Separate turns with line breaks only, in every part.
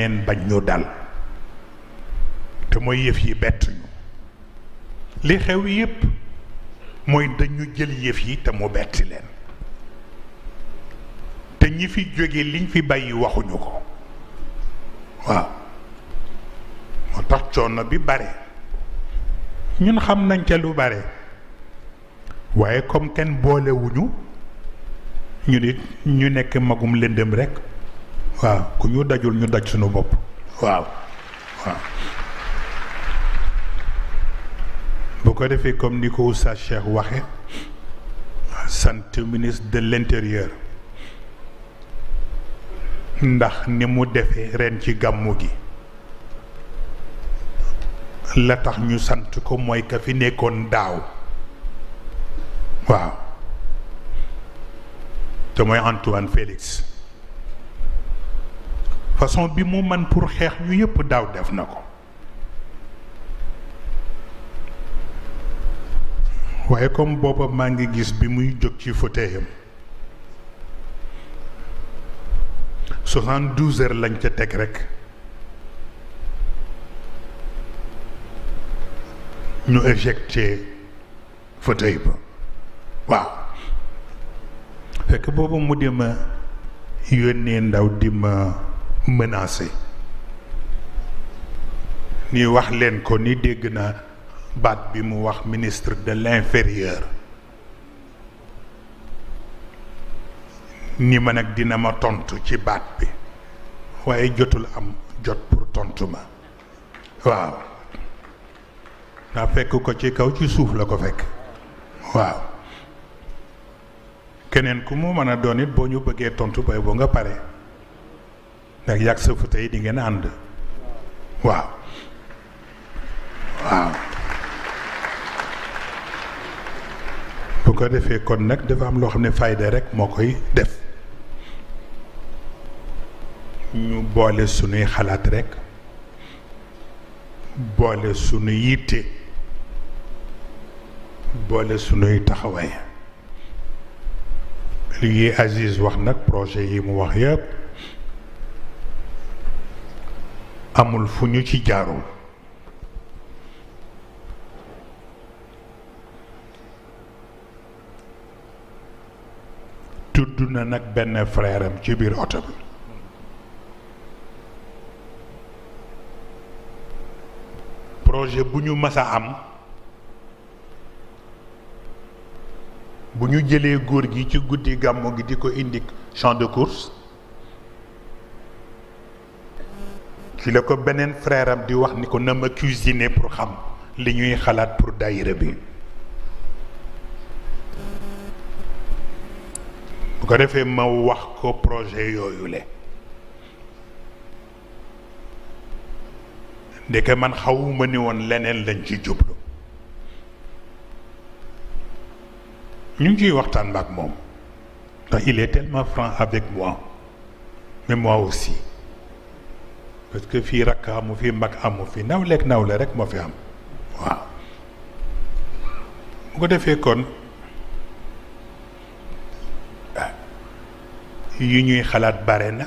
neen bañ ñu dal te mooy yëf yi bett ñu li xew yépp mooy dañu jël yëf yi te mu betti leen te ñi fi jóge liñ fi bàyyi waxuñu ko waaw moo tax coono bi bare ñun xam nañ ca lu bare waaye comme kenn boolewuñu ñu nit ñu nekk magum lëndëm rekk waaw ku ñu dajul ñu daj suñu bopp waaw waaw bu ko defee comme ni ko Oustaz Cheikh waxe sant ministre de l'intérieur ndax ni mu defee reen ci gàmmu gi la tax ñu sant ko mooy ka fi nekkoon daaw waaw te mooy Antoine Félix façon bi mu man pour xeex ñu yépp daaw def na ko waaye comme booba maa ngi gis bi muy jóg ci fauteuilam soixante-douze heures lañ ca teg rek ñu éjecté fauteuil ba waaw fekk booba mu di ma yónnee ndaw di ma menacé ni wax leen ko ni dégg na baat bi mu wax ministre de l'intérieur ni ma nag dina ma tontu ci baat bi waaye jotul am jot pour tontu ma waaw ndax fekk ko ci kaw ci suuf la ko fekk waaw keneen ku mu mën a doon it boo ñu bëggee tontu bay boo nga pare ndax yàgg sa fauteuil di ngeen ànd waaw waaw bu ko defee kon nag dafa am loo xam ne fayda rek moo koy def ñu boole sunuy xalaat rek boole sunu yitte boole sunuy taxawaay li Aziz wax nag projet yi mu wax yépp amul fu ñu ci jaarul tudd na nag benn frère ci biir oto bi projet bu ñu mës am bu ñu jëlee góor gi ci guddi gàmmu gi di ko indi champ de course ci la ko beneen frère am di wax ni ko na ma cuisiner pour xam li ñuy xalaat pour daayira bi bu ko defee ma wax ko projet yooyu le ndeke man xawuma ni woon leneen lañ ci jublu ñu ngi ciy waxtaan ak moom ndax il est tellement franc avec moi mais moi aussi parce que fii rakk amu fi mag amu fi nawleeg nawle rek moo fi am waaw bu ko defee kon ah, yu ñuy xalaat bare na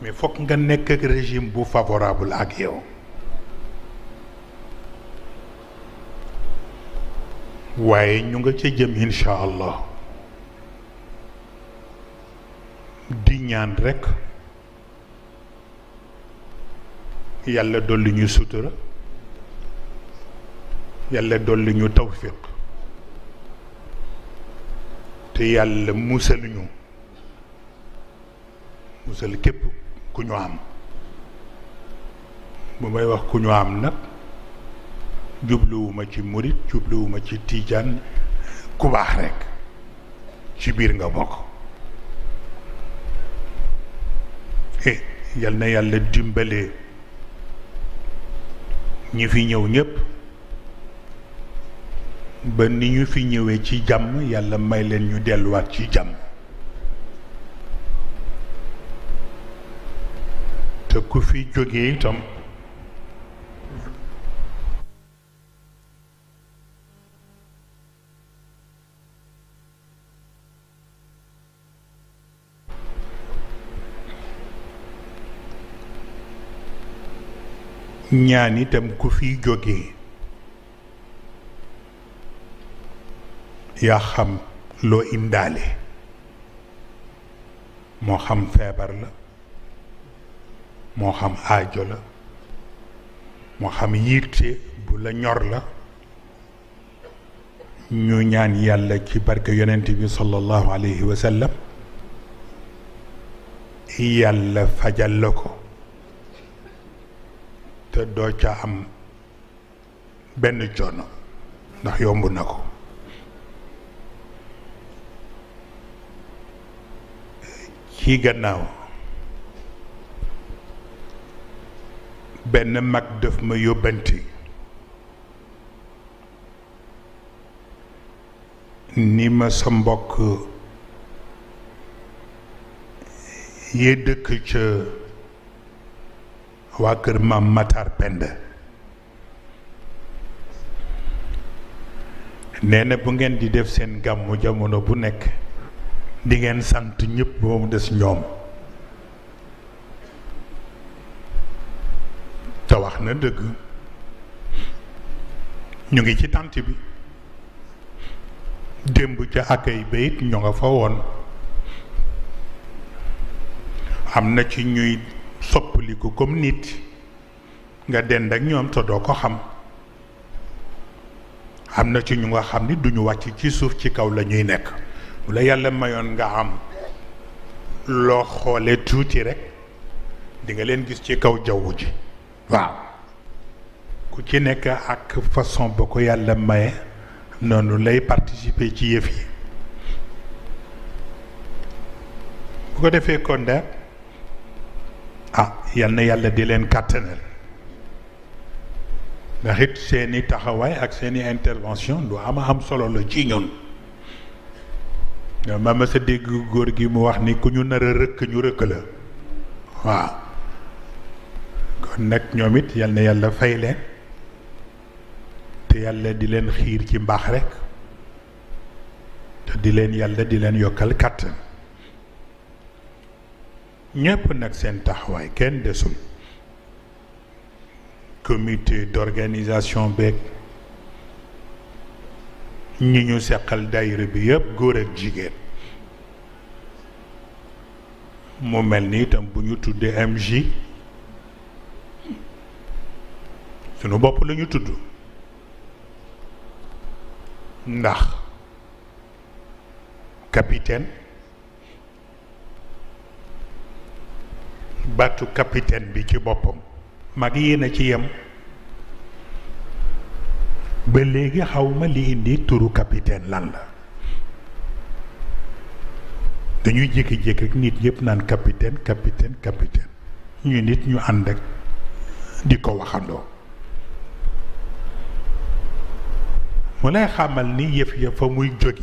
mais fokk nga nekk régime bu favorable ak yow waaye ñu nga ca jëm incha allah ñaan rekk yàlla dolli ñu sutura yàlla dolli ñu tawfiq te yàlla musal ñu musal képp ku ñu am bu may wax ku ñu am nag jubluwuma ci murit jubluwuma ci tiijaan ku baax rekk ci biir nga bokk eh yal na yàlla dimbalee ñi fi ñëw ñépp ba ni ñu fi ñëwee ci jàmm yàlla may leen ñu delluwaat ci jàmm te ku fi jógee itam ñaan itam ku fi jógee yaa xam loo indaale moo xam feebar la moo xam aajo la moo xam yitte bu la ñor la ñu ñaan yàlla ci barke yonent bi sallallahu alayhi wa yàlla fajal la ko te doo ca am benn coono ndax yomb na ko ci gannaaw benn mag daf ma yóbbanti ni ma sa mbokk yee dëkk ca waa kër maam Matar Penda nee bu ngeen di def seen gàmmu jamono bu nekk dingeen sant ñëpp ba mu des ñoom te wax na dëgg ñu ngi ci tant bi démb ca akay bayit ñu nga fa woon am na ci ñuy soppaliku comme nit nga dend ak ñoom te doo ko xam am na ci ñu nga xam ni duñu wàcc ci suuf ci kaw la ñuy nekk bu la yàlla mayoon nga am loo xoole tuuti rek di nga leen gis ci kaw jawwu ji waaw ku ci nekk ak façon ba ko yàlla maye noonu lay participer ci yëf yi bu ko defee kon de ah yal na yàlla di leen kàttanal ndaxit seeni taxawaay ak seeni intervention lu ama am solo la ci ñun nga ma sa dégg góor gi mu wax ni ku ñu nar a rëkk ñu rëkk la waaw kon nag ñoom it yal na yàlla fay leen te yàlla di leen xiir ci mbaax rekk te di leen yàlla di leen yokkal kàttan ñëpp nag seen taxawaay kenn desul comité d'organisation beeg ñi ñu seqal dayre bi yëpp góor ak jigéen mu mel ni itam bu ñu tuddee MJ sunu bopp lañu tudd ndax capitaine baatu capitaine bi ci boppam mag yéen a ci yem ba léegi xawma li indi turu capitaine lan la dañuy jékki-jékki nit yëpp naan capitaine capitaine capitaine ñu nit ñu ànd ak di ko waxandoo mu lay xamal ni yëf ya fa muy jóge